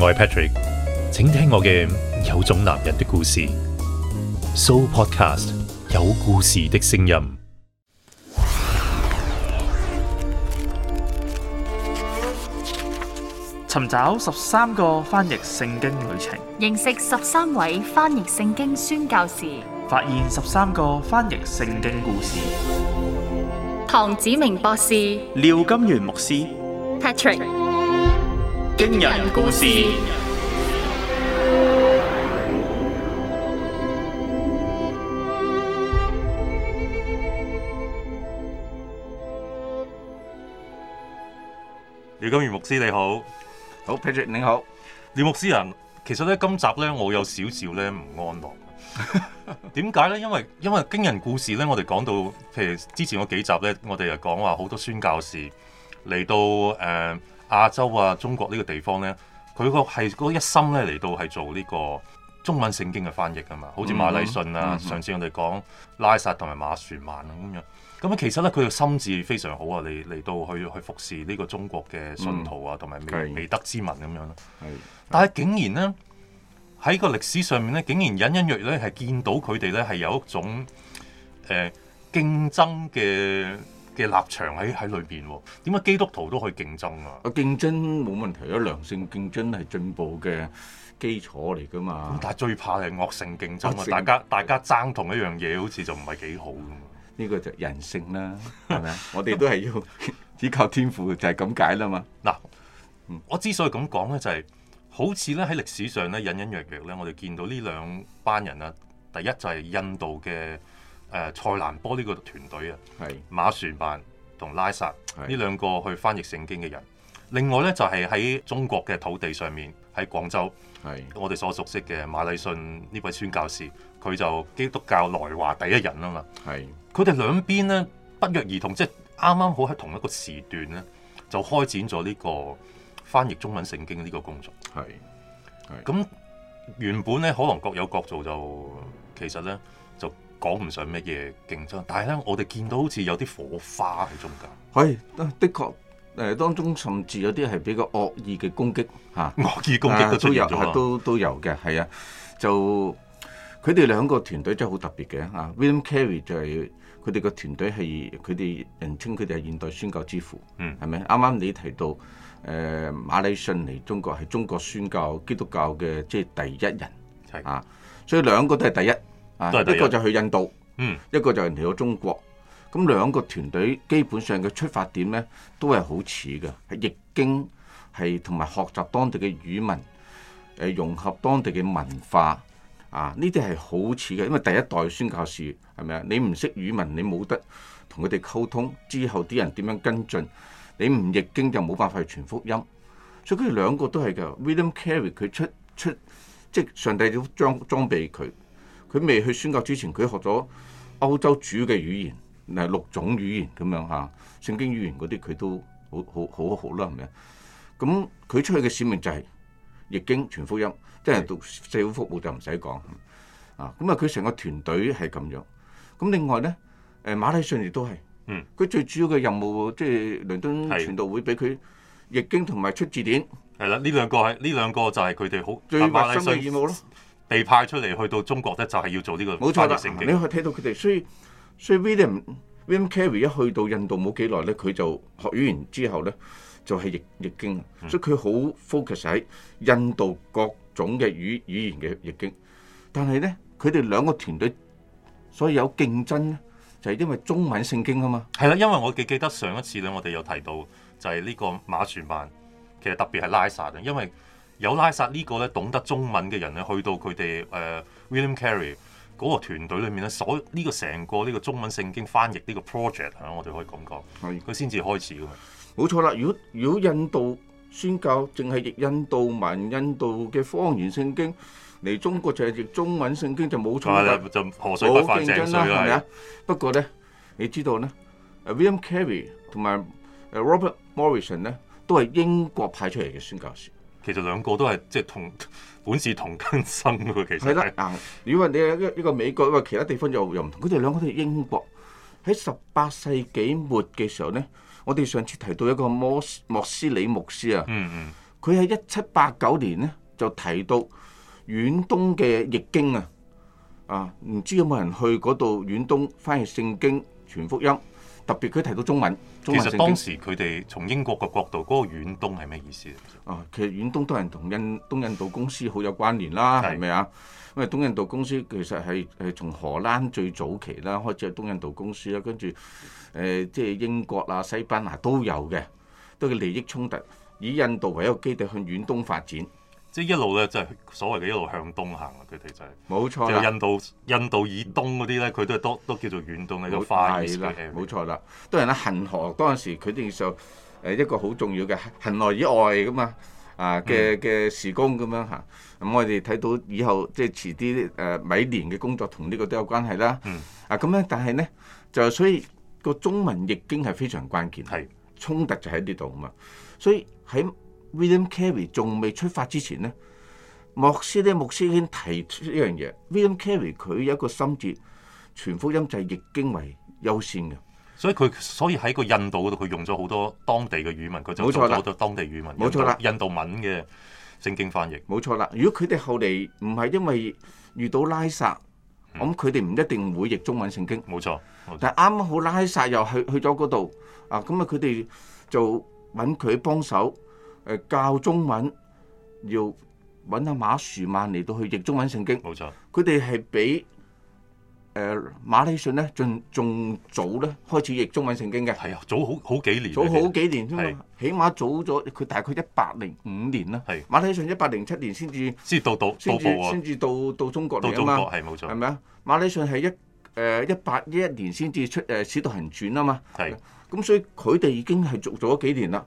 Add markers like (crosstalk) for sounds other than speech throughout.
我係 Patrick，請聽我嘅有種男人的故事。So Podcast 有故事的聲音，尋找十三個翻譯聖經旅程，認識十三位翻譯聖經宣教士，發現十三個翻譯聖經故事。唐子明博士，廖金源牧師，Patrick。驚人故事，廖金如牧師你好。好 Patrick 你好。廖牧師啊，其實咧今集咧我有少少咧唔安樂，點解咧？因為因為驚人故事咧，我哋講到譬如之前嗰幾集咧，我哋又講話好多宣教士嚟到誒。呃亞洲啊，中國呢個地方咧，佢個係嗰一心咧嚟到係做呢個中文聖經嘅翻譯啊嘛，嗯、哼好似馬禮遜啊，嗯、哼上次我哋講、嗯、哼拉撒同埋馬船曼啊，咁樣，咁啊其實咧佢個心智非常好啊，嚟嚟到去去服侍呢個中國嘅信徒啊，同埋未未得之民咁樣咯。係，但係竟然咧喺個歷史上面咧，竟然隱隱約約係見到佢哋咧係有一種誒競爭嘅嘅立場喺喺裏邊喎，點解基督徒都可以競爭啊？競爭冇問題，啊，良性競爭係進步嘅基礎嚟㗎嘛。但係最怕係惡性競爭啊！性大家大家爭同一樣嘢，好似就唔係幾好咁。呢、呢個就人性啦，係咪啊？ (laughs) 我哋都係要依 (laughs) 靠天父，就係咁解啦嘛。嗱，我之所以咁講咧，就係、是、好似咧喺歷史上咧隱隱約約咧，我哋見到呢兩班人啊，第一就係印度嘅。誒、呃、塞蘭波呢個團隊啊，是馬船辦同拉撒呢兩是個去翻譯聖經嘅人，另外呢，就係、是、喺中國嘅土地上面喺廣州，是我哋所熟悉嘅馬禮遜呢位宣教師，佢就基督教來華第一人啊嘛。係是，佢哋兩邊呢，不約而同，即係啱啱好喺同一個時段呢，就開展咗呢個翻譯中文聖經呢個工作。係，咁原本呢，可能各有各做就，就其實呢。講唔上乜嘢競爭，但係咧，我哋見到好似有啲火花喺中間。係的確，誒當中甚至有啲係比較惡意嘅攻擊，吓，惡意攻擊都有，都都有嘅。係啊，就佢哋兩個團隊真係好特別嘅，啊，William Carey 就係佢哋個團隊係，佢哋人稱佢哋係現代宣教之父，嗯，係咪？啱啱你提到誒、呃、馬禮遜嚟中國係中國宣教基督教嘅即係第一人，係的啊，所以兩個都係第一。啊、一,一個就去印度，嗯，一個就嚟到去中國。咁兩個團隊基本上嘅出發點咧，都係好似嘅，係譯經，係同埋學習當地嘅語文，誒、啊、融合當地嘅文化。啊，呢啲係好似嘅，因為第一代宣教士係咪啊？你唔識語文，你冇得同佢哋溝通。之後啲人點樣跟進？你唔譯經就冇辦法去傳福音。所以佢哋兩個都係嘅。啊、William Carey 佢出出即係上帝都裝裝備佢。.佢未去宣教之前，佢學咗歐洲主要嘅語言，誒六種語言咁樣嚇、啊，聖經語言嗰啲佢都好好好，好好好啦，係咪？咁佢出去嘅使命就係譯經傳福音，是的 即係讀社會服務就唔使講啊。咁啊，佢成個團隊係咁樣。咁另外咧，誒馬禮遜亦都係，嗯，佢最主要嘅任務即係倫敦傳道會俾佢譯經同埋出字典。係啦，呢兩個係呢兩個就係佢哋好。最核心嘅任務咯。被派出嚟去到中國咧，就係要做呢個翻譯聖經。冇錯，啊，你可以睇到佢哋，所以所以 William, William William Carey 一去到印度冇幾耐咧，佢就學語言之後咧，就係譯譯經，所以佢好 focus 喺印度各種嘅語語言嘅譯經。但係咧，佢哋兩個團隊所以有競爭咧，就係因為中文聖經啊嘛。係啦，因為我記記得上一次咧，我哋有提到就係呢個馬殊曼，其實特別係拉薩嘅，因為。有拉薩呢個咧，懂得中文嘅人咧，去到佢哋誒 William Carey 嗰個團隊裏面咧，所呢、這個成個呢、這個中文聖經翻譯呢、這個 project 啊，我哋可以咁講，佢先至開始㗎嘛？冇錯啦。如果如果印度宣教淨係印度文、印度嘅方言聖經嚟中國，淨係用中文聖經就冇錯啦，就河水不犯井水啦，係啊水的？不過咧，你知道咧，William Carey 同埋 Robert Morrison 咧，都係英國派出嚟嘅宣教士。其實兩個都係即係同本是同根生喎，其實係啦。如果、啊、你一一、這個美國，因為其他地方又又唔同。佢哋兩個都係英國。喺十八世紀末嘅時候咧，我哋上次提到一個摩莫斯里牧師啊。嗯嗯。佢喺一七八九年咧就提到遠東嘅《易經》啊。啊，唔知有冇人去嗰度遠東翻去聖經全福音？特別佢提到中文，中文其實當時佢哋從英國嘅角度，嗰個遠東係咩意思啊？啊，其實遠東都係同印東印度公司好有關聯啦，係咪啊？因為東印度公司其實係係從荷蘭最早期啦，開始有東印度公司啦，跟住誒即係英國啊、西班牙都有嘅，都係利益衝突，以印度為一個基地向遠東發展。即係一路咧，就係、是、所謂嘅一路向東行，佢哋就係、是、冇錯。就印度、印度以東嗰啲咧，佢都係都都叫做遠東嘅沒一個範疇，冇錯啦。當然啦，恆河當時佢哋就誒一個好重要嘅恆河以外嘅嘛啊嘅嘅、嗯、時空咁樣嚇。咁、啊、我哋睇到以後即係遲啲誒米聯嘅工作同呢個都有關係啦。嗯、啊咁咧，但係咧就所以個中文譯經係非常關鍵，係衝的突就喺呢度啊嘛。所以喺 William Carey 仲未出發之前咧，牧師呢牧師已經提出一樣嘢。William Carey 佢有一個心志，全福音就係譯經為優先嘅，所以佢所以喺個印度嗰度，佢用咗好多當地嘅語文，佢就做咗當地語文，冇錯啦，印度文嘅聖經翻譯，冇錯啦。如果佢哋後嚟唔係因為遇到拉薩，咁佢哋唔一定會譯中文聖經，冇錯。冇錯，但係啱啱好拉薩又去去咗嗰度啊，咁啊佢哋就揾佢幫手。誒、呃、教中文，要揾阿馬殊曼嚟到去譯中文聖經，冇錯。佢哋係比誒、呃、馬禮遜咧，仲仲早咧開始譯中文聖經嘅。係啊，早好好幾年，早好幾年是起碼早咗佢大概一百零五年啦。係是馬禮遜一百零七年先至先到到到到中國嚟啊嘛。係冇錯。係咪啊？馬禮遜係一誒一八一一年先至出誒《使、啊、徒行傳》啊嘛。係咁是，是所以佢哋已經係做咗幾年啦。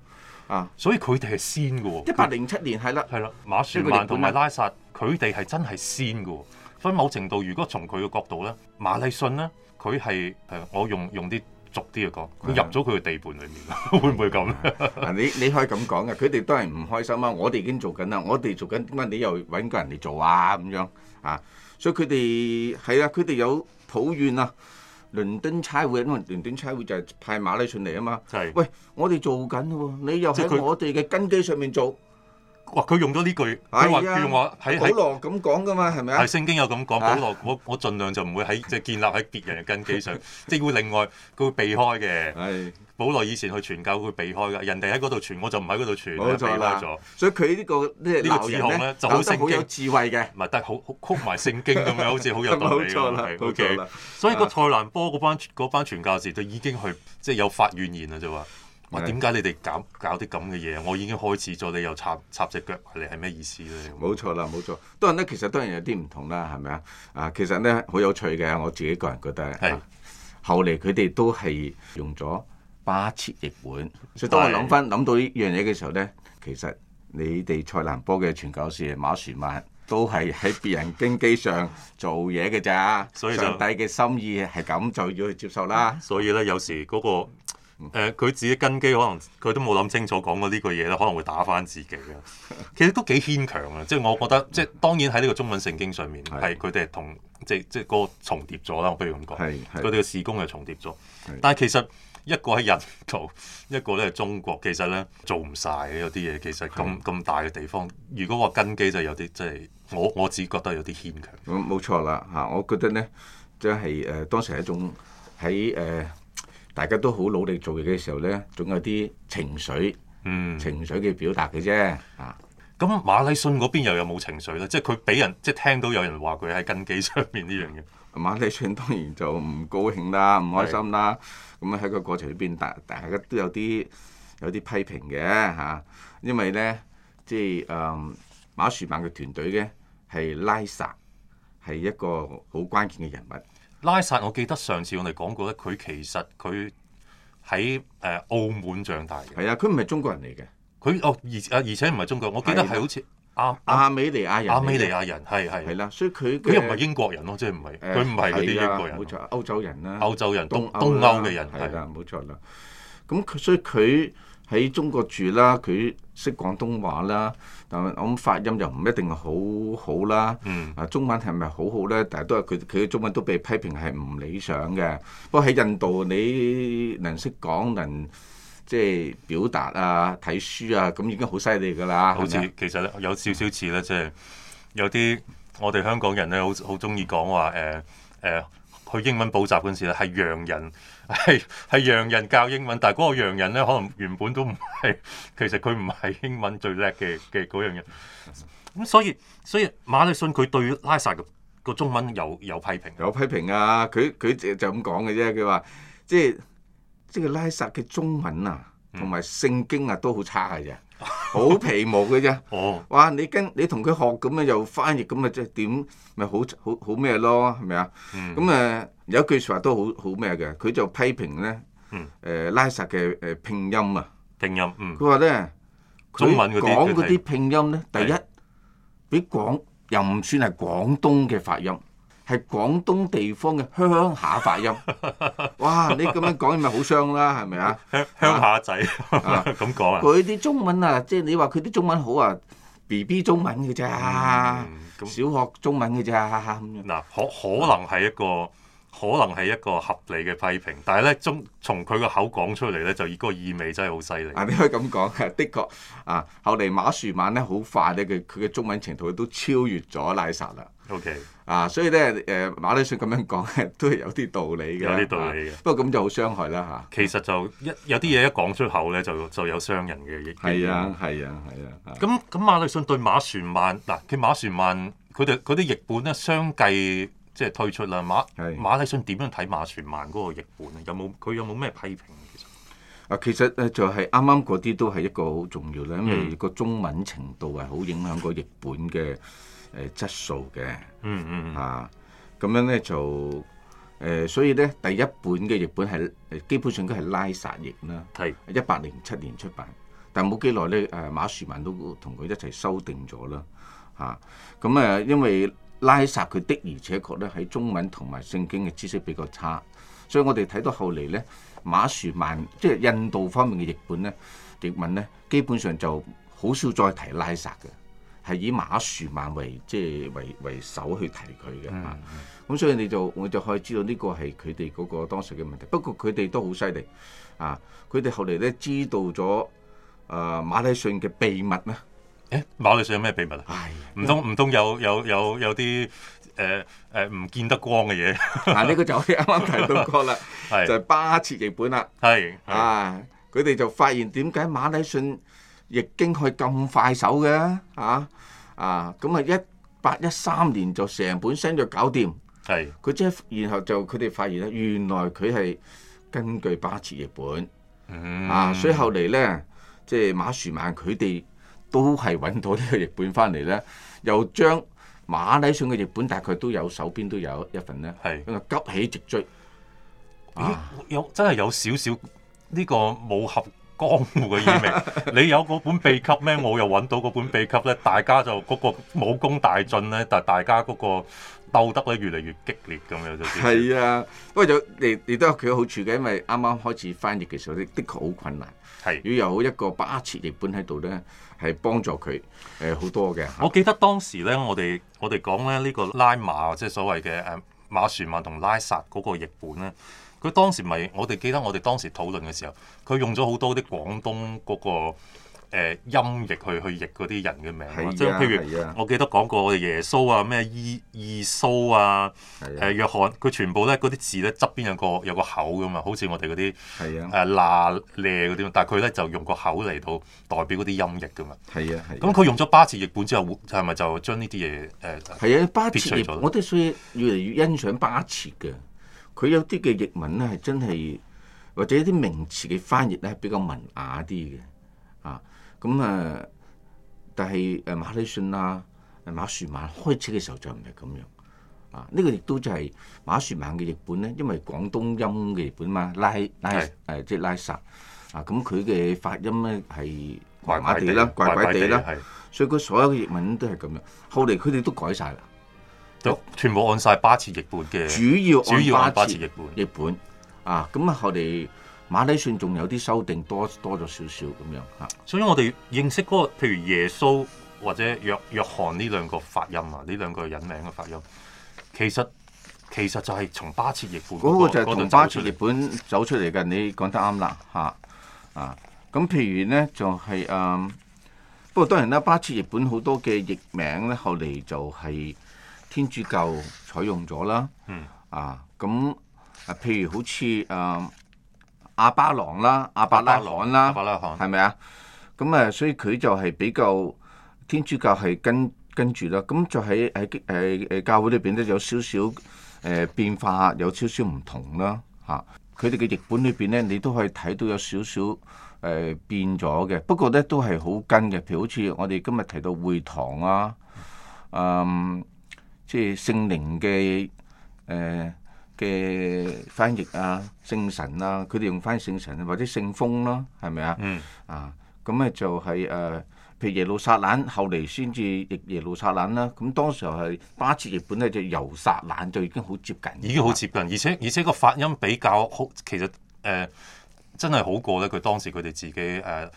啊！所以佢哋係先嘅喎、哦，一八零七年係啦，係啦的，的馬樹曼同埋拉薩，佢哋係真係先嘅喎、哦。所以某程度，如果從佢嘅角度咧，馬禮遜咧，佢係係，我用用啲俗啲嘅講，佢入咗佢嘅地盤裡面，的會唔會咁？嗱，你你可以咁講嘅，佢哋都係唔開心啊！我哋已經做緊啦，我哋做緊，點解你又揾個人嚟做啊？咁樣啊，所以佢哋係啊，佢哋有抱怨啊。倫敦差會啊嘛，因為倫敦差會就係派馬禮遜嚟啊嘛。係是，喂，我哋做緊喎，你又喺他我哋嘅根基上面做。哇，佢用咗呢句，佢話、啊、叫我喺喺。保羅咁講噶嘛，係咪啊？係聖經有咁講，保羅我我盡量就唔會喺即係建立喺別人嘅根基上， (laughs) 即係會另外佢會避開嘅。係。好耐以前去傳教，佢避開㗎，人哋喺嗰度傳，我就唔喺嗰度傳，避開咗。所以佢呢個呢個自控咧就好聖經，好有智慧嘅。唔係得好好曲埋聖經咁樣，好似好有道理。冇錯啦，OK。所以個蔡蘭波嗰班嗰班傳教士都已經係即係有發怨言啦，就話，喂，點解你哋搞搞啲咁嘅嘢？我已經開始咗，你又插插隻腳嚟，係咩意思咧？冇錯啦，冇錯。當然咧，其實當然有啲唔同啦，係咪啊？啊，其實咧好有趣嘅，我自己個人覺得係後嚟佢哋都係用咗。馬切譯本，是所以當我諗翻諗到呢樣嘢嘅時候咧，其實你哋蔡蘭波嘅傳教士馬殊曼都係喺別人根基上做嘢嘅咋，所以上帝嘅心意係咁就要去接受啦。所以咧，有時嗰、那個佢、呃、自己根基可能佢都冇諗清楚講過呢句嘢咧，可能會打翻自己啊。 (laughs) 其實都幾牽強啊！即、就、係、是、我覺得，即、就、係、是、當然喺呢個中文聖經上面，係佢哋同即即、就是就是、個重疊咗啦。我不如咁講，佢哋嘅事工係重疊咗，是是但係其實。一個係印度，一個咧係中國。其實咧做唔晒嘅有啲嘢，其實咁咁大嘅地方，如果話根基就有啲，即係我我只覺得有啲牽強。嗯，咁冇錯啦嚇，我覺得咧即係誒當時係一種喺誒大家都好努力做嘢嘅時候咧，總有啲情緒，嗯，情緒嘅表達嘅啫啊。咁馬禮遜嗰邊又有冇情緒咧？即係佢俾人即係聽到有人話佢喺根基上面呢樣嘢，馬禮遜當然就唔高興啦，唔開心啦。咁喺的個過程裏邊，大大家都有啲有啲批評嘅嚇、啊，因為咧即係誒、嗯、馬殊曼嘅團隊咧係拉薩係一個好關鍵嘅人物。拉薩，我記得上次我哋講過咧，佢其實佢喺誒澳門長大嘅，係啊，佢唔係中國人嚟嘅。佢哦而啊而且唔係中國，我記得係好似亞亞美尼亞人亞美尼亞人係係係啦，所以佢佢又唔係英國人咯，即係唔係佢唔係嗰啲英國人，冇錯歐洲人啦，歐洲人、啊、歐洲人東歐、啊、東歐嘅、啊、人係啦，冇錯啦。咁佢所以佢喺中國住啦，佢識廣東話啦，但係我諗發音又唔一定好好啦。啊中文係咪好好咧？但係都係佢佢嘅中文都被批評係唔理想嘅。不過喺印度你能識講能。即係表達啊，睇書啊，咁已經好犀利噶啦。好似吧其實咧，有少少似咧，即係有啲我哋香港人咧，好好中意講話誒誒，去英文補習嗰陣時咧，係洋人係係洋人教英文，但係嗰個洋人咧，可能原本都唔係，其實佢唔係英文最叻嘅嘅嗰樣人。咁所以所以馬禮遜佢對拉薩嘅個中文有有批評，有批評啊！佢佢就咁講嘅啫，佢話即係。就是即係拉薩嘅中文啊，同埋、嗯、聖經啊，都好差嘅啫，好 (laughs) 皮毛嘅啫。哦，哇！你跟你同佢學咁樣，又翻譯咁樣，即係點咪好好好咩咯？係咪啊？咁啊、嗯嗯，有一句説話都好好咩嘅，佢就批評咧。嗯、呃。拉薩嘅誒、呃、拼音啊。拼音佢話咧，佢、嗯、文講嗰啲拼音咧，看第一，俾廣又唔算係廣東嘅發音。係廣東地方嘅鄉下發音， (laughs) 哇！你咁樣講咪好傷啦，係咪啊？鄉鄉下仔咁、啊、 (laughs) 講啊！佢啲中文啊，即係你話佢啲中文好啊，B B 中文嘅咋，嗯嗯嗯、小學中文嘅咋，嗱，可可能係一個。可能係一個合理嘅批評，但係咧，中從佢個口講出嚟咧，就嗰個意味真係好犀利。啊，你可以咁講，的確啊，後嚟馬殊曼咧好快咧，佢佢嘅中文程度都超越咗拉薩啦。O.K. 啊，所以咧誒，馬禮遜咁樣講咧，都係有啲道理嘅，有啲道理嘅，啊。不過咁就好傷害啦嚇。其實就一有啲嘢一講出口咧，就就有傷人嘅意。係，嗯、啊，係啊，係啊。咁咁，啊、馬禮遜對馬殊曼，嗱，啊，佢馬殊曼，佢哋嗰啲譯本咧相繼。即係退出啦，馬是馬禮遜點樣睇馬殊曼嗰個譯本啊？有冇佢有冇咩批評，其實啊，其實咧就係啱啱嗰啲都係一個好重要咧，因為個中文程度係好影響個譯本嘅誒質素嘅。嗯嗯嗯。咁、呃、樣咧就誒、呃，所以咧第一本嘅譯本係基本上都係拉薩譯啦。係一八零七年出版，但冇幾耐咧誒，馬殊曼都同佢一齊修訂咗啦。嚇咁啊，因為拉薩佢的而且確咧喺中文同埋聖經嘅知識比較差，所以我哋睇到後嚟咧馬殊曼即係印度方面嘅譯本咧，譯文咧基本上就好少再提拉薩嘅，係以馬殊曼為即係為為首去提佢嘅。咁所以你就我就可以知道呢個係佢哋嗰個當時嘅問題。不過佢哋都好犀利啊！佢哋後嚟咧知道咗誒、呃、馬禮遜嘅秘密咧。誒、欸、馬禮遜有咩秘密啊？唔通唔通有有有有啲誒誒唔見得光嘅嘢？嗱、 (laughs) 啊，呢、呢個就係啱啱提到過啦， (laughs) 是就係巴切譯本啦。係啊，佢哋就發現點解馬禮遜譯經係咁快手嘅？嚇啊，咁啊一八一三年就成本生就搞掂。係佢即係然後就佢哋發現咧，原來佢係根據巴切譯本、嗯、啊，所以後嚟咧即係馬樹曼佢哋。都係揾到個日呢個譯本翻嚟咧，又將馬拉松嘅譯本大概都有手邊都有一份咧。係是急起直追，哎啊、有真係有少少呢個武俠江湖嘅意味。 (laughs) 你有嗰本秘笈咩？我又揾到嗰本秘笈咧，大家就嗰個武功大進咧，但係大家嗰、嗰個。鬥得咧越嚟越激烈咁樣就係啊，不過有你亦都有佢嘅好處嘅，因為啱啱開始翻譯嘅時候，實的確好困難。係是，如果有一個巴切譯本喺度咧，係幫助佢誒好多嘅。我記得當時咧，我哋我哋講咧呢個拉馬即係所謂嘅誒馬船曼同拉薩嗰個譯本咧，佢當時咪我哋記得我哋當時討論嘅時候，佢用咗好多啲廣東嗰個。誒、呃、音譯去去譯嗰啲人嘅名，即係譬如、啊、我記得講過我哋耶穌啊，咩伊伊蘇啊，誒約翰，佢、呃、全部咧嗰啲字咧側邊有個有個口噶嘛，好似我哋嗰啲誒嗱咧嗰啲，但係佢咧就用個口嚟到代表嗰啲音譯噶嘛。係啊，係、啊。咁佢用咗巴切譯本之後，係咪就將呢啲嘢誒？係、呃、啊，巴切譯，我哋所以越嚟越欣賞巴切嘅，佢有啲嘅譯文咧係真係或者啲名詞嘅翻譯咧係比較文雅啲嘅啊。咁啊、嗯！但係誒馬禮遜啊、馬殊曼開始嘅時候就唔係咁樣啊！呢個亦都就係馬殊曼嘅譯本咧，因為廣東音嘅譯本嘛，拉拉誒即係拉薩啊！咁佢嘅發音咧係怪怪地啦，怪怪地啦，所以佢所有嘅譯文都係咁樣。後嚟佢哋都改晒啦，都全部按晒巴切譯本嘅主要主要按巴切譯本譯本本啊！咁啊後嚟。馬禮遜仲有啲修訂，多多咗少少咁樣嚇。所以我哋認識嗰、那個，譬如耶穌或者約約翰呢兩個發音啊，呢兩個人名嘅發音，其實其實就係從巴切譯本嗰個。就係從巴切譯本走出嚟嘅，你講得啱啦嚇啊。咁譬如咧就係、是、啊，不過當然啦，巴切譯本好多嘅譯名咧，後嚟就係天主教採用咗啦。嗯啊，咁啊譬如好似啊。阿巴郎啦，阿伯拉罕啦，伯拉罕係咪啊？咁啊，所以佢就係比較天主教係跟跟住啦。咁就喺喺激誒教會裏邊咧，有少少誒、呃、變化，有少少唔同啦嚇。佢哋嘅譯本裏邊咧，你都可以睇到有少少誒、呃、變咗嘅。不過咧，都係好跟嘅。譬如好似我哋今日提到會堂啊，嗯，即係聖靈嘅誒。呃嘅翻譯啊，聖神啊，佢哋用翻聖神或者聖風啦，係咪啊？是是啊嗯。啊，咁咧就係、是、誒、呃，譬如耶路撒冷，後嚟先至譯耶路撒冷啦、啊。咁、嗯、當時候係巴切譯本咧，就猶撒冷就已經好接近，已經好接近，而且而且個發音比較好，其實誒。呃真係好過咧！佢當時佢哋自己誒誒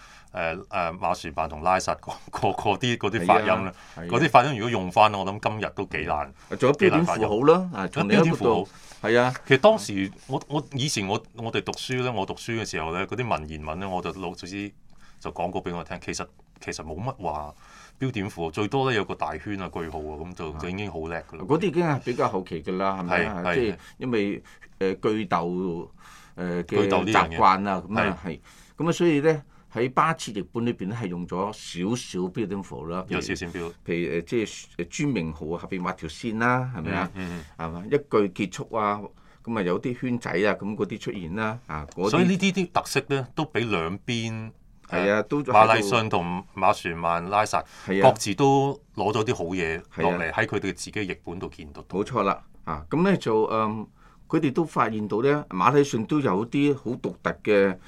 誒馬船辦同拉薩各個個啲嗰啲發音咧，嗰啲、啊啊、發音如果用翻我諗今日都幾難。仲有標點符號啦，啊，標點符號係啊。嗯、其實當時我我以前我我哋讀書咧，我讀書嘅時候咧，嗰啲文言文咧，我就老早之就講過俾我聽。其實其實冇乜話標點符號，最多咧有個大圈啊，句號啊，咁就就已經好叻㗎喇。嗰啲已經係比較後期㗎喇，係咪啊？係因為誒句讀。誒嘅、呃、習慣樣啊，咁啊係，咁啊是、嗯、所以咧喺巴切譯本裏邊咧係用咗少少標點符號啦，有少少標，譬如誒即係誒專名號啊，後邊畫條線啦，係咪啊？嗯係、嗯、嘛、啊，一句結束啊，咁、嗯、啊有啲圈仔啊，咁嗰啲出現啦、啊，啊所以呢啲啲特色咧，都俾兩邊係啊，都馬禮遜同馬船曼拉薩各自都攞咗啲好嘢落嚟喺佢哋自己嘅譯本度見到。冇錯啦，啊咁咧、啊啊、就嗯。啊啊啊啊佢哋都發現到咧，馬拉遜都有啲好獨特嘅誒、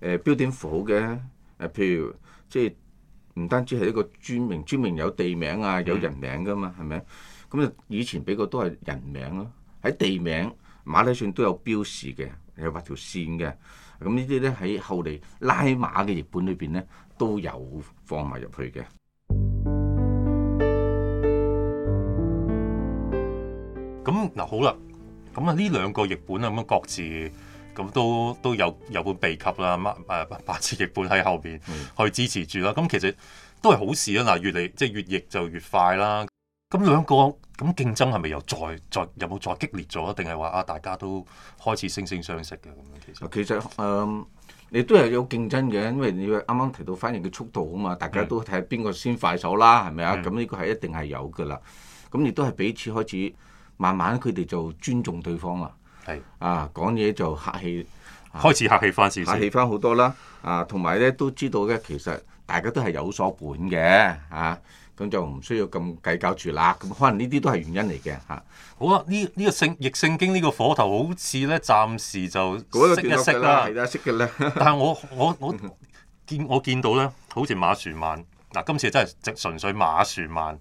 呃、標點符號嘅，誒、呃、譬如即係唔單止係一個專名，專名有地名啊，有人名㗎嘛，係咪咁啊？以前畀個都係人名咯，喺地名馬拉遜都有標示嘅，有畫條線嘅，咁、嗯、呢啲咧喺後嚟拉馬嘅譯本裏邊咧都有放埋入去嘅。咁嗱、嗯，好啦。咁啊，呢兩、嗯、個譯本啊，咁各自咁都都有有本秘笈啦，咁誒白字譯本喺後邊、嗯、去支持住啦。咁其實都係好事啊！嗱，越嚟即係越譯就越快啦。咁兩個咁競爭係咪又再再有冇再，再，再，再激烈咗？定係話啊，大家都開始惺惺相惜嘅咁樣其實。其實誒、呃，你都係有競爭嘅，因為你啱啱提到翻譯嘅速度啊嘛，大家都睇下邊個先快手啦，係咪啊？咁呢、嗯嗯、個係一定係有噶啦。咁亦都係彼此開始。慢慢佢哋就尊重對方啦，係啊，講嘢就客氣，開始客氣翻事，客氣翻好多啦。啊，同埋咧都知道咧，其實大家都係有所管嘅啊，咁就唔需要咁計較住啦。咁可能呢啲都係原因嚟嘅嚇。好啦，呢呢個聖逆聖經呢個火頭好似咧，暫時就熄一熄啦。熄嘅啦。但係我我我見我見到咧，好似馬樹萬嗱，今次真係即純粹馬樹萬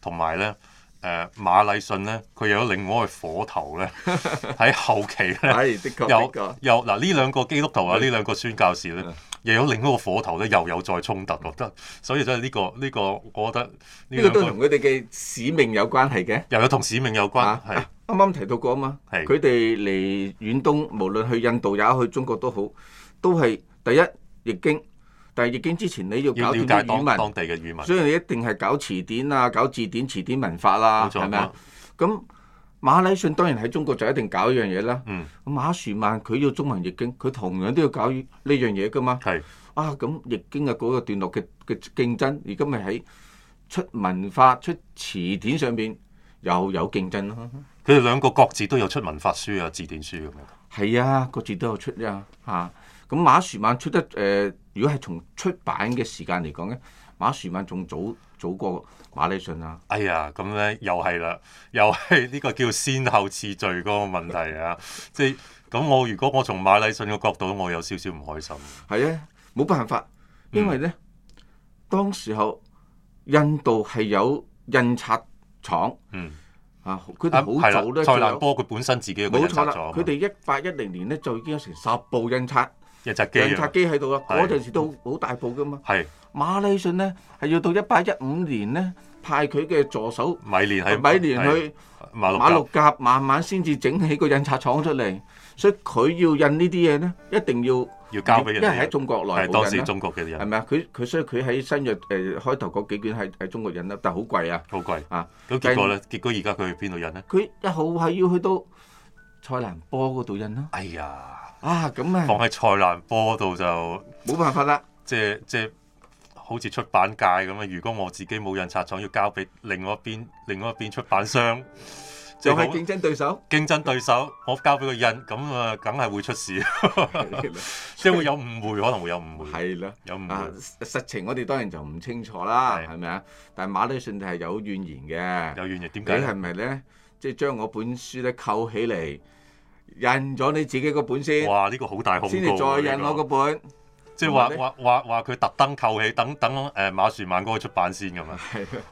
同埋咧。誒、uh, 馬禮信咧，佢又有另外一個火頭咧，喺 (laughs) 後期咧，又又嗱呢兩個基督徒啊，呢兩的個宣教士咧，又的有另外一個火頭咧，又有再衝突，我覺得所以真係呢個呢、這個，我覺得呢個,個都同佢哋嘅使命有關係嘅，又有同使命有關。啱啱、啊、是提到過啊嘛，佢哋嚟遠東，無論去印度也去中國都好，都係第一易經。但係譯經之前你要搞啲語文，當地嘅語文，所以你一定係搞詞典啊，搞字典、詞典文化啦，係咪啊？咁馬禮遜當然喺中國就一定搞一樣嘢啦。嗯，馬士曼佢要中文譯經，佢同樣都要搞呢樣嘢噶嘛。係是啊，咁譯經嘅嗰個段落嘅嘅競爭，而家咪喺出文化、出詞典上邊又有競爭咯。佢哋兩個各自都有出文化書啊、字典書咁樣。係啊，各自都有出啊。吓、啊，咁馬士曼出得誒。呃如果係從出版嘅時間嚟講咧，馬殊曼仲早早過馬禮遜啦、啊。哎呀，咁咧又係啦，又係呢個叫先後次序嗰個問題啊！ (laughs) 即係咁，我如果我從馬禮遜嘅角度，我有少少唔開心。係啊，冇辦法，因為咧，嗯、當時候印度係有印刷廠。嗯啊。啊，佢哋好早咧，塞蘭坡佢本身自己嘅印刷廠。佢哋一八一零年咧就已經有成十部印刷。嗯印刷機喺度啊，嗰陣時都好大鋪㗎嘛。係馬禮遜咧，係要到一八一五年咧，派佢嘅助手米連去，馬六甲慢慢先至整起個印刷廠出嚟。所以佢要印呢啲嘢咧，一定要要交俾人，因為喺中國內冇人，當時中國嘅人係咪啊？佢佢所以佢喺新約誒開頭嗰幾卷係係中國印啦，但係好貴啊，好貴啊。咁結果咧，結果而家佢去邊度印呢？佢一號係要去到塞蘭坡嗰度印啦。哎呀！啊，咁啊，放喺蔡蘭波度就冇辦法啦。即係即係，好似出版界咁啊。如果我自己冇印刷廠，要交俾另外一邊，另外一邊出版商，就係競爭對手。競爭對手，我交俾佢印，咁啊，梗係會出事，即係會有誤會，可能會有誤會，係咯，有誤會。實情我哋當然就唔清楚啦，係咪啊？但係馬里遜係有怨言嘅，有怨言。點解？你係咪咧？即係將我本書咧扣起嚟？印咗你自己個本先，哇！呢個好大恐怖先嚟，再印我個本，即係話話話話佢特登扣起，等等誒馬樹萬哥出版先咁啊！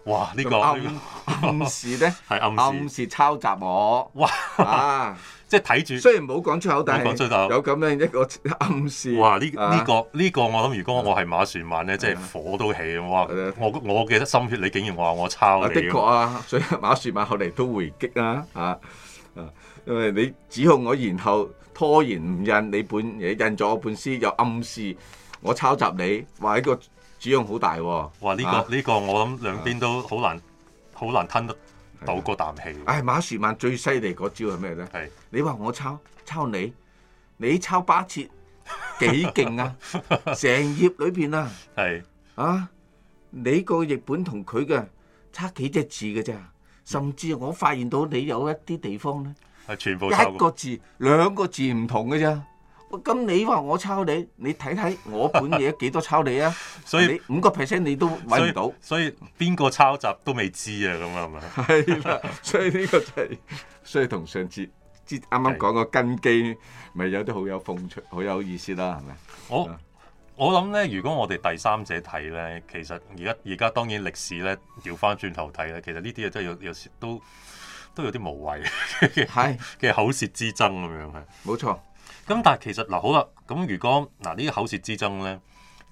哇！呢個暗示咧係暗示抄襲我哇！即係睇住，雖然唔好講出口，但係講出口有咁樣一個暗示。哇！呢呢個呢個我諗如果我係馬樹萬咧，即係火都起哇！我我嘅心血你竟然話我抄，的確啊！所以馬樹萬後嚟都回擊啊啊！你指控我，然後拖延唔印你本嘢，印咗我本詩又暗示我抄襲你，話呢、這個指控好大喎、啊。話呢個呢個，啊、個我諗兩邊都好難好、啊、難吞得到個啖氣。唉、啊哎，馬樹曼最犀利嗰招係咩咧？係是你話我抄抄你，你抄八切？幾勁啊？成頁裏邊啊，係是啊，你個譯本同佢嘅差幾隻字嘅咋？甚至我發現到你有一啲地方咧。全部抄一個字兩個字唔同嘅啫，咁 (laughs) 你話我抄你，你睇睇我本嘢幾多抄你啊？ (laughs) 所以你五個 percent 你都揾唔到所。所以邊個抄襲都未知啊？咁樣係嘛。係啦， (laughs) 所以呢個就係、係、所以同上次啱啱講個根基，咪的有啲好有風趣、好有意思啦、啊？係咪？我我諗咧，如果我哋第三者睇咧，其實而家而家當然歷史咧，調翻轉頭睇咧，其實呢啲嘢真係有有時都。都有啲無謂嘅嘅是的 口舌之爭咁樣嘅，冇錯。咁但係其實嗱好啦，咁如果嗱呢、啊這個口舌之爭咧，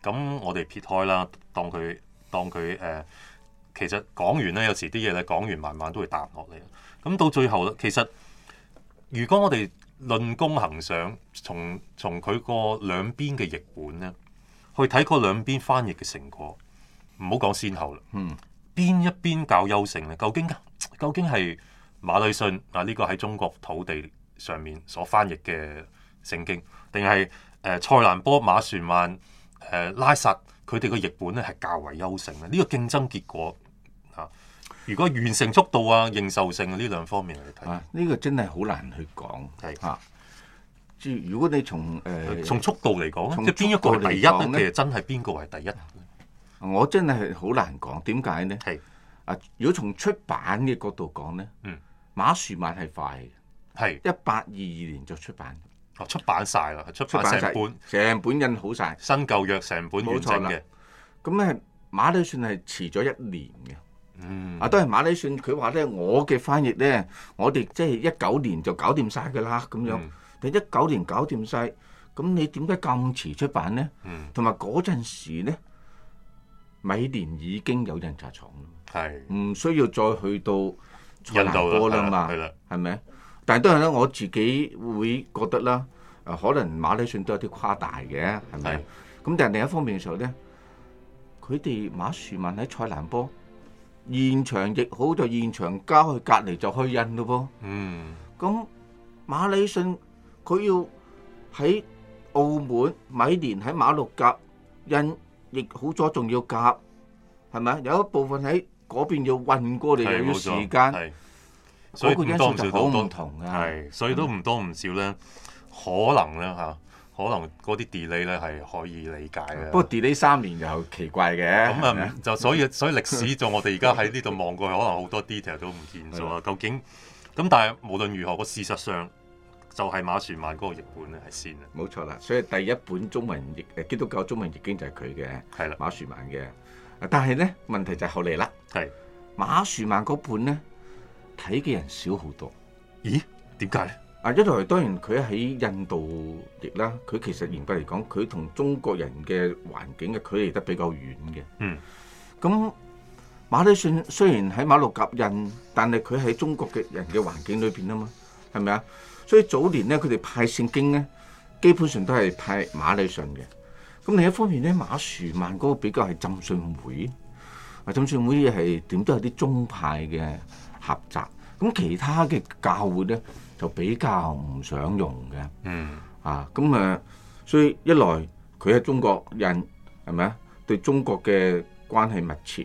咁我哋撇開啦，當佢當佢誒、呃，其實講完咧，有時啲嘢咧講完，慢慢都會答落嚟。咁到最後，其實如果我哋論功行上，從從佢個兩邊嘅譯本咧，去睇個兩邊翻譯嘅成果，唔好講先後啦。嗯，邊一邊較優勝咧？究竟究竟係？馬里遜啊，呢、這個喺中國土地上面所翻譯嘅聖經，定係誒塞蘭波馬船萬誒、呃、拉撒佢哋嘅譯本咧，係較為優勝咧。呢、這個競爭結果啊，如果完成速度啊、認受性呢、啊、兩方面嚟睇，呢、啊這個真係好難去講。係是啊，即如果你從誒、呃、從速度嚟講，講即係邊一個第一，其實，啊、真係邊個係第一？我真係好難講，點解咧？係啊，如果從出版嘅角度講咧，嗯。馬樹殊曼係快嘅，係一八二二年就出版，哦，出版晒啦，出版成本，成本印好晒，新舊約成本冇錯啦。咁咧，馬禮遜係遲咗一年嘅，嗯，啊，都係馬禮遜，佢話咧，我嘅翻譯咧，我哋即係一九年就搞掂晒噶啦，咁樣，但一九年搞掂晒，咁你點解咁遲出版咧？同埋嗰陣時咧，米憐已經有印刷廠啦，係是，唔需要再去到。印度波啦嘛，係咪？但係都係咧，我自己會覺得啦，誒、呃，可能馬禮遜都有啲誇大嘅，係咪？咁的但係另一方面嘅時候咧，佢哋馬樹文喺賽蘭波現場譯好，就現場交去隔籬就去印咯噃。嗯。咁馬禮遜佢要喺澳門米連喺馬六甲印，譯好咗，仲要夾，係咪？有一部分喺嗰邊要運過嚟又要時間，是錯所以咁多就好唔同嘅。係，所以都唔多唔少咧，可能咧嚇、啊，可能嗰啲 delay 咧係可以理解嘅。不過 delay 三年又奇怪嘅，咁啊就所以的所以歷史，就我哋而家喺呢度望過去， (laughs) 可能好多 detail 都唔見咗啦。的究竟咁？但係無論如何，個事實上就係馬殊曼嗰個譯本咧係先啦。冇錯啦，所以第一本中文譯誒基督教中文譯經就係佢嘅，係啦，馬殊曼嘅。的 (laughs) 但係咧，問題就係後嚟啦。係是馬樹曼嗰半咧，睇嘅人少好多。咦？點解咧？啊，因為當然佢喺印度譯啦，佢其實嚴格嚟講，佢同中國人嘅環境嘅距離得比較遠嘅。嗯。咁馬禮遜雖然喺馬六甲印，但係佢喺中國嘅人嘅環境裏邊啊嘛，係咪啊？所以早年咧，佢哋派聖經咧，基本上都係派馬禮遜嘅。咁另一方面咧，馬殊曼嗰個比較係浸信會，啊浸信會嘢係點都有啲宗派嘅合集，咁其他嘅教會咧就比較唔想用嘅。嗯。啊，咁誒，所以一來佢係中國人係咪啊？對中國嘅關係密切；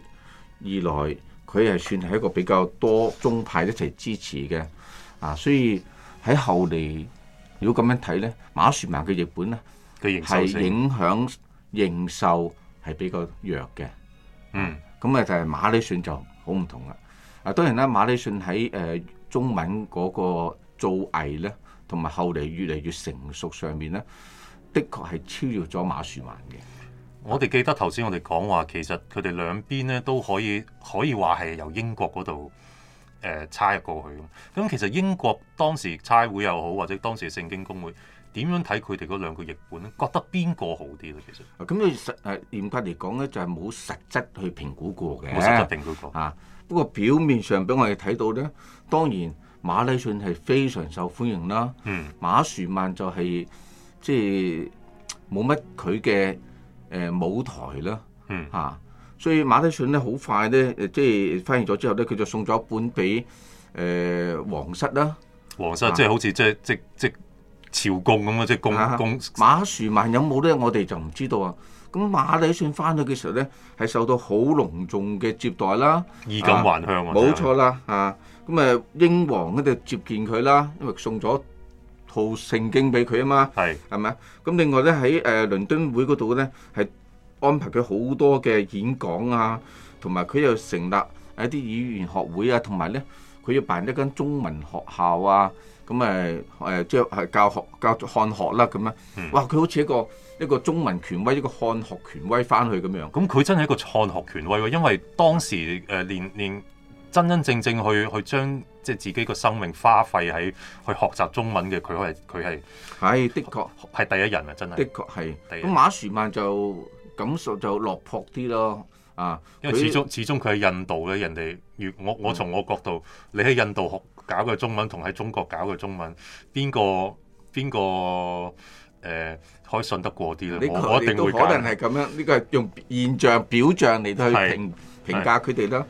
二來佢係算係一個比較多宗派一齊支持嘅。啊，所以喺後嚟如果咁樣睇咧，馬殊曼嘅譯本咧。係影響營售係比較弱嘅，嗯，咁啊就係馬禮遜就好唔同啦。啊當然啦，馬禮遜喺誒中文嗰個造詣咧，同埋後嚟越嚟越成熟上面咧，的確係超越咗馬殊曼嘅。我哋記得頭先我哋講話，其實佢哋兩邊咧都可以可以話係由英國嗰度誒差入過去。咁其實英國當時差會又好，或者當時聖經公會，點樣睇佢哋嗰兩個譯本咧？覺得邊個好啲咧？其實咁佢、啊、實誒、啊、嚴格嚟講咧，就係、是、冇實質去評估過嘅。冇實質評估過。嚇、啊！不過表面上俾我哋睇到咧，當然馬禮遜係非常受歡迎啦。嗯。馬殊曼就係、是、即係冇乜佢嘅誒舞台啦。嗯、啊。所以馬禮遜咧好快咧，即係發現咗之後咧，佢就送咗一本俾誒、呃、皇室啦。皇室、啊、即係好似即係即即。即即即朝貢咁啊，即係公公。馬士曼有冇咧？我哋就唔知道啊。咁馬禮遜翻去嘅時候咧，係受到好隆重嘅接待啦。衣錦還鄉啊！冇、啊、錯啦，啊咁誒，就英皇嗰度接見佢啦，因為送咗套聖經俾佢啊嘛。係係咪啊？咁另外咧喺誒倫敦會嗰度咧，係安排佢好多嘅演講啊，同埋佢又成立一啲語言學會啊，同埋咧。佢要辦一間中文學校啊，咁誒誒即係教學教漢學啦咁樣，哇！佢好似一個一個中文權威，一個漢學權威翻去咁樣。咁佢、嗯嗯嗯、真係一個漢學權威喎，因為當時誒、呃、連連真真正正去去將即係自己個生命花費喺去學習中文嘅，佢係佢係係的確係第一人啊！真係的，的確係。咁馬樹曼就感受就落魄啲咯。啊！因為始終他始終佢喺印度嘅人哋，如我我從我角度，嗯、你喺印度學搞嘅中文同喺中國搞嘅中文，邊個邊個誒可以信得過啲咧？我我一定會可能係咁樣。呢、這個係用現象表象嚟去評是評價佢哋啦。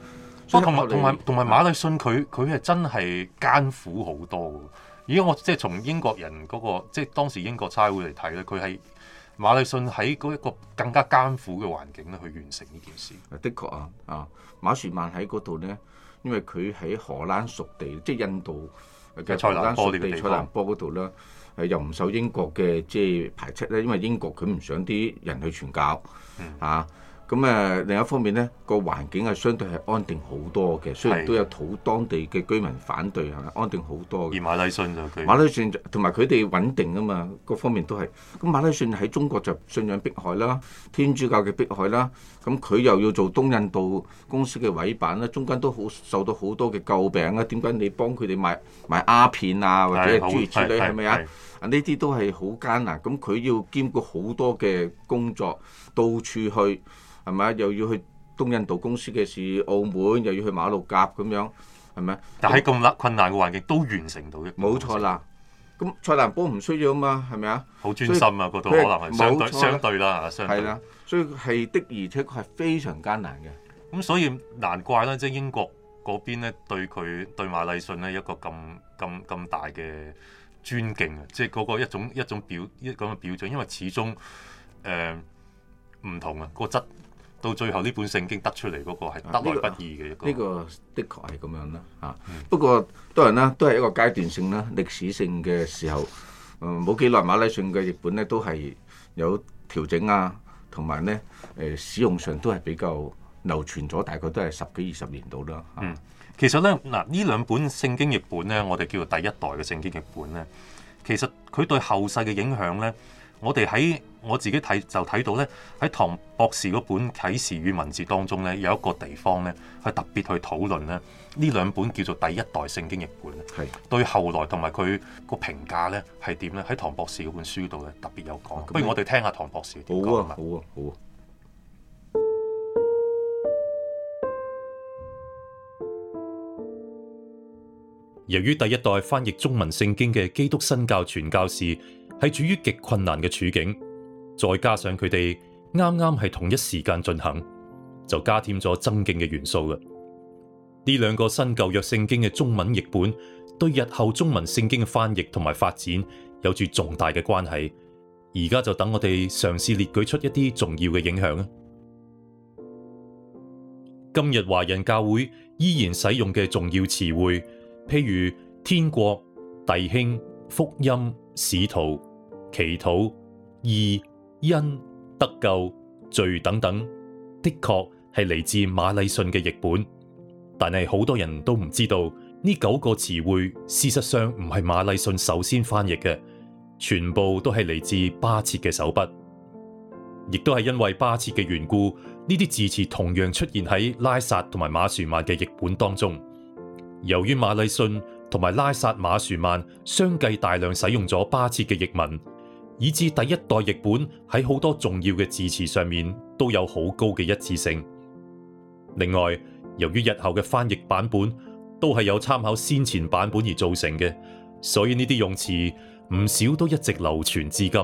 同埋同埋同埋馬禮遜佢佢係真係艱苦好多嘅。而家我即係從英國人嗰、那個即係當時英國差會嚟睇咧，佢係。馬里信喺嗰一個更加艱苦嘅環境咧，去完成呢件事。的確啊，啊，馬士曼喺嗰度咧，因為佢喺荷蘭屬地，即係印度嘅荷蘭屬地，蘭波地塞蘭坡嗰度啦，誒又唔受英國嘅即係排斥咧，因為英國佢唔想啲人去傳教，嚇、嗯。啊。咁誒、嗯、另一方面咧，呢個環境係相對係安定好多嘅，是雖然都有土當地嘅居民反對，係咪安定好多？嘅、啊。馬禮遜就佢馬禮遜同埋佢哋穩定啊嘛，各方面都係。咁、嗯、馬禮遜喺中國就信仰迫害啦，天主教嘅迫害啦。咁、嗯、佢又要做東印度公司嘅委辦啦，中間都好受到好多嘅詬病啦、啊。點解你幫佢哋賣賣鴉片啊？或者諸如此類係咪啊？呢啲都係好艱難，咁佢要兼顧好多嘅工作，到處去係咪啊？又要去東印度公司嘅事，澳門，又要去馬六甲咁樣，係咪？但喺咁困難嘅環境都完成到嘅。冇錯啦，咁蔡南波唔需要啊嘛，係咪啊？好專心啊！嗰度可能係相對啦，相係啦，所以係的而且確係非常艱難嘅。咁所以難怪啦，即係英國嗰邊咧對佢對馬禮遜咧一個咁咁咁大嘅尊敬啊，即係嗰個一種一種表一咁嘅標準，因為始終誒唔同啊，個質到最後呢本聖經得出嚟嗰個係得來不易嘅一個，呢、這個這個的確係咁樣啦吓。啊嗯、不過當然啦，都係一個階段性啦、歷史性嘅時候。誒、嗯，冇幾耐馬拉遜嘅譯本咧，都係有調整啊，同埋咧誒使用上都係比較流傳咗，大概都係十幾二十年度啦吓。啊嗯其實咧，嗱，呢兩本聖經譯本咧，我哋叫做第一代嘅聖經譯本咧，其實佢對後世嘅影響咧，我哋喺我自己睇就睇到咧，喺唐博士嗰本《啟示與文字》當中咧，有一個地方咧，係特別去討論咧，呢兩本叫做第一代聖經譯本咧，係是對後來同埋佢個評價咧係點咧？喺唐博士嗰本書度咧特別有講，你不如我哋聽下唐博士點講啊！好啊，好啊，好啊由於第一代翻譯中文聖經嘅基督新教傳教士係處於極困難嘅處境，再加上佢哋啱啱係同一時間進行，就加添咗增勁嘅元素嘅。呢兩個新舊約聖經嘅中文譯本，對日後中文聖經嘅翻譯同埋發展有住重大嘅關係。而家就等我哋嘗試列舉出一啲重要嘅影響啊！今日華人教會依然使用嘅重要詞彙。譬如天國、弟兄、福音、使徒、祈禱、義、恩、得救、罪等等，的確係嚟自馬禮遜嘅譯本。但係好多人都唔知道呢九個詞彙，事實上唔係馬禮遜首先翻譯嘅，全部都係嚟自巴切嘅手筆。亦都係因為巴切嘅緣故，呢啲字詞同樣出現喺拉薩同埋馬士曼嘅譯本當中。由於馬禮遜同埋拉薩馬殊曼相繼大量使用咗巴切嘅譯文，以致第一代譯本喺好多重要嘅字詞上面都有好高嘅一致性。另外，由於日後嘅翻譯版本都係有參考先前版本而造成嘅，所以呢啲用詞唔少都一直流傳至今。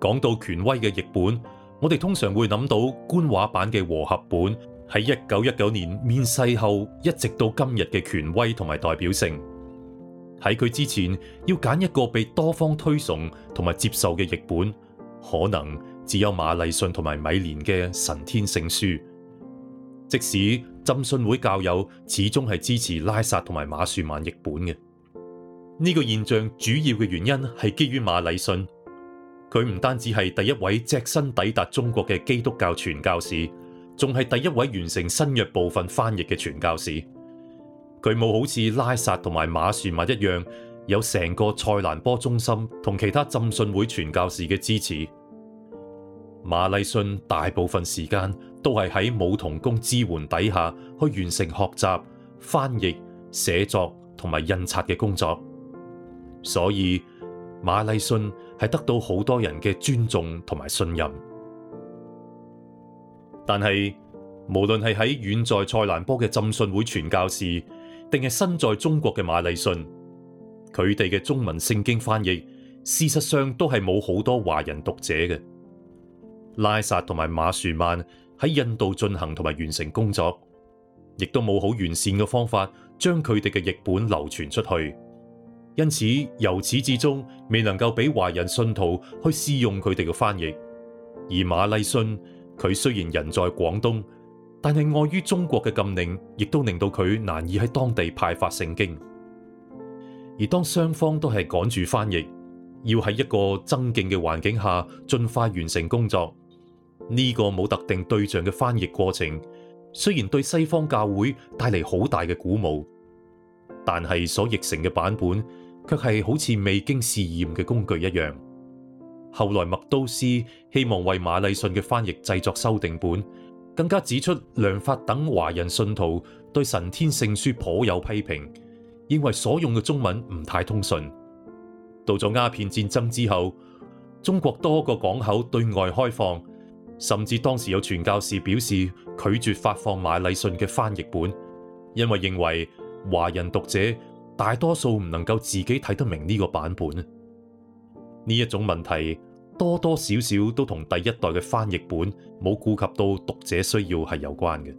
講到權威嘅譯本，我哋通常會諗到官話版嘅和合本。喺一九一九年面世後，一直到今日嘅權威同埋代表性，喺佢之前要揀一個被多方推崇同埋接受嘅譯本，可能只有馬禮遜同埋米蓮嘅《神天聖書》，即使浸信會教友始終係支持拉薩同埋馬樹曼譯本嘅。呢、這個現象主要嘅原因係基於馬禮遜。佢唔單止係第一位隻身抵達中國嘅基督教傳教士。仲係第一位完成新約部分翻譯嘅傳教士，佢冇好似拉薩同埋馬殊曼一樣，有成個塞蘭波中心同其他浸信會傳教士嘅支持。馬禮遜大部分時間都係喺冇同工支援底下，去完成學習、翻譯、寫作同埋印刷嘅工作，所以馬禮遜係得到好多人嘅尊重同埋信任。但係，無論係喺遠在塞蘭波嘅浸信會傳教士，定係身在中國嘅馬麗信，佢哋嘅中文聖經翻譯，事實上都係冇好多華人讀者嘅。拉薩同埋馬樹曼喺印度進行同埋完成工作，亦都冇好完善嘅方法將佢哋嘅譯本流傳出去，因此由始至終未能夠俾華人信徒去試用佢哋嘅翻譯，而馬麗信。佢雖然人在廣東，但係礙於中國嘅禁令，亦都令到佢難以喺當地派發聖經。而當雙方都係趕住翻譯，要喺一個爭競嘅環境下盡快完成工作，呢、這個冇特定對象嘅翻譯過程，雖然對西方教會帶嚟好大嘅鼓舞，但係所譯成嘅版本，卻係好似未經試驗嘅工具一樣。後來麥都思希望為馬禮遜嘅翻譯製作修訂本，更加指出梁發等華人信徒對《神天聖書》頗有批評，認為所用嘅中文唔太通順。到咗鴉片戰爭之後，中國多個港口對外開放，甚至當時有傳教士表示拒絕發放馬禮遜嘅翻譯本，因為認為華人讀者大多數唔能夠自己睇得明呢個版本。呢一種問題多多少少都同第一代嘅翻譯本冇顧及到讀者需要係有關嘅。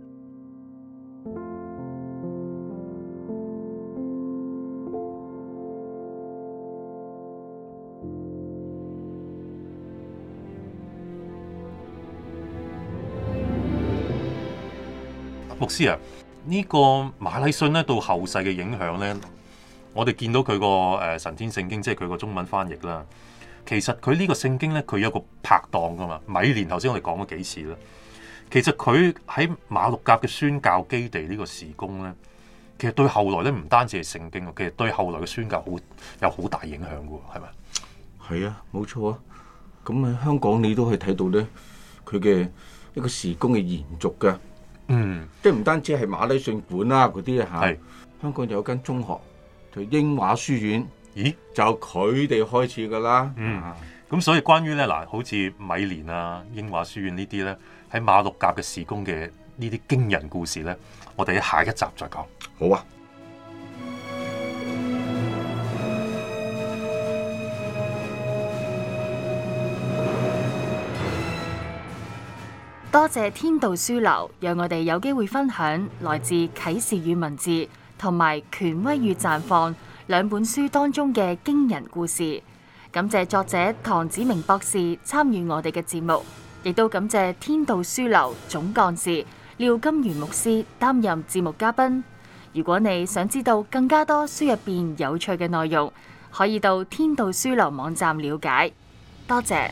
牧師啊，呢個馬禮遜咧，到後世嘅影響咧。我哋見到佢個誒神天聖經，即係佢個中文翻譯啦。其實佢呢個聖經咧，佢有個拍檔㗎嘛。米連頭先我哋講咗幾次啦。其實佢喺馬六甲嘅宣教基地呢個事工咧，其實對後來咧唔單止係聖經，其實對後來嘅宣教好有好大影響嘅喎，係咪？係啊，冇錯啊。咁喺香港你都可以睇到咧，佢嘅一個事工嘅延續嘅、啊，嗯，即係唔單止係馬禮遜館啦嗰啲啊，係，啊、是香港又有間中學。英華書院？咦，就佢哋開始噶啦。嗯，咁所以關於咧嗱，好似米蓮啊、英華書院呢啲咧，喺馬六甲嘅事工嘅呢啲驚人故事咧，我哋下一集再講。好啊。多謝天道書樓，讓我哋有機會分享來自《啟示與文字》。同埋《權威與綻放》兩本書當中嘅驚人故事，感謝作者唐子明博士參與我哋嘅節目，亦都感謝天道書樓總幹事廖金元牧師擔任節目嘉賓。如果你想知道更加多書入邊有趣嘅內容，可以到天道書樓網站了解。多謝。